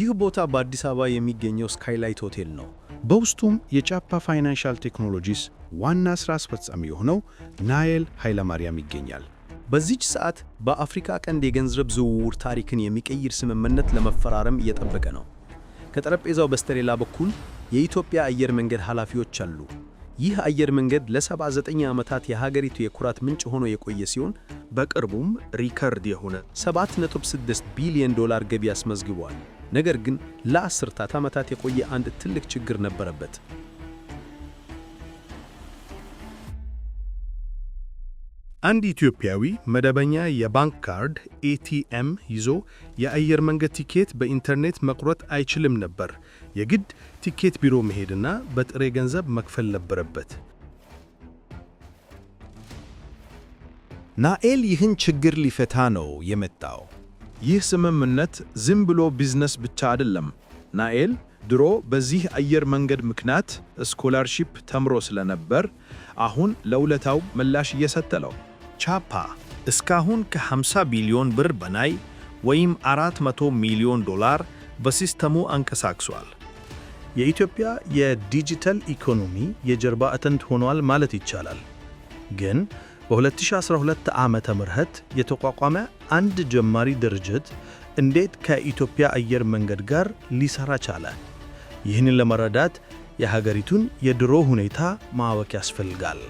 ይህ ቦታ በአዲስ አበባ የሚገኘው ስካይላይት ሆቴል ነው። በውስጡም የጫፓ ፋይናንሻል ቴክኖሎጂስ ዋና ሥራ አስፈጻሚ የሆነው ናኤል ኃይለማርያም ይገኛል። በዚች ሰዓት በአፍሪካ ቀንድ የገንዘብ ዝውውር ታሪክን የሚቀይር ስምምነት ለመፈራረም እየጠበቀ ነው። ከጠረጴዛው በስተሌላ በኩል የኢትዮጵያ አየር መንገድ ኃላፊዎች አሉ። ይህ አየር መንገድ ለ79 ዓመታት የሀገሪቱ የኩራት ምንጭ ሆኖ የቆየ ሲሆን በቅርቡም ሪከርድ የሆነ 7.6 ቢሊዮን ዶላር ገቢ አስመዝግቧል። ነገር ግን ለአስርታት ዓመታት የቆየ አንድ ትልቅ ችግር ነበረበት። አንድ ኢትዮጵያዊ መደበኛ የባንክ ካርድ ኤቲኤም ይዞ የአየር መንገድ ቲኬት በኢንተርኔት መቁረጥ አይችልም ነበር። የግድ ቲኬት ቢሮ መሄድና በጥሬ ገንዘብ መክፈል ነበረበት። ናኤል ይህን ችግር ሊፈታ ነው የመጣው። ይህ ስምምነት ዝም ብሎ ቢዝነስ ብቻ አይደለም። ናኤል ድሮ በዚህ አየር መንገድ ምክንያት ስኮላርሺፕ ተምሮ ስለነበር አሁን ለውለታው ምላሽ ነው። ቻፓ እስካሁን ከ50 ቢሊዮን ብር በላይ ወይም 400 ሚሊዮን ዶላር በሲስተሙ አንቀሳቅሷል። የኢትዮጵያ የዲጂታል ኢኮኖሚ የጀርባ አጥንት ሆኗል ማለት ይቻላል ግን በ2012 ዓመተ ምህረት የተቋቋመ አንድ ጀማሪ ድርጅት እንዴት ከኢትዮጵያ አየር መንገድ ጋር ሊሰራ ቻለ? ይህንን ለመረዳት የሀገሪቱን የድሮ ሁኔታ ማወቅ ያስፈልጋል።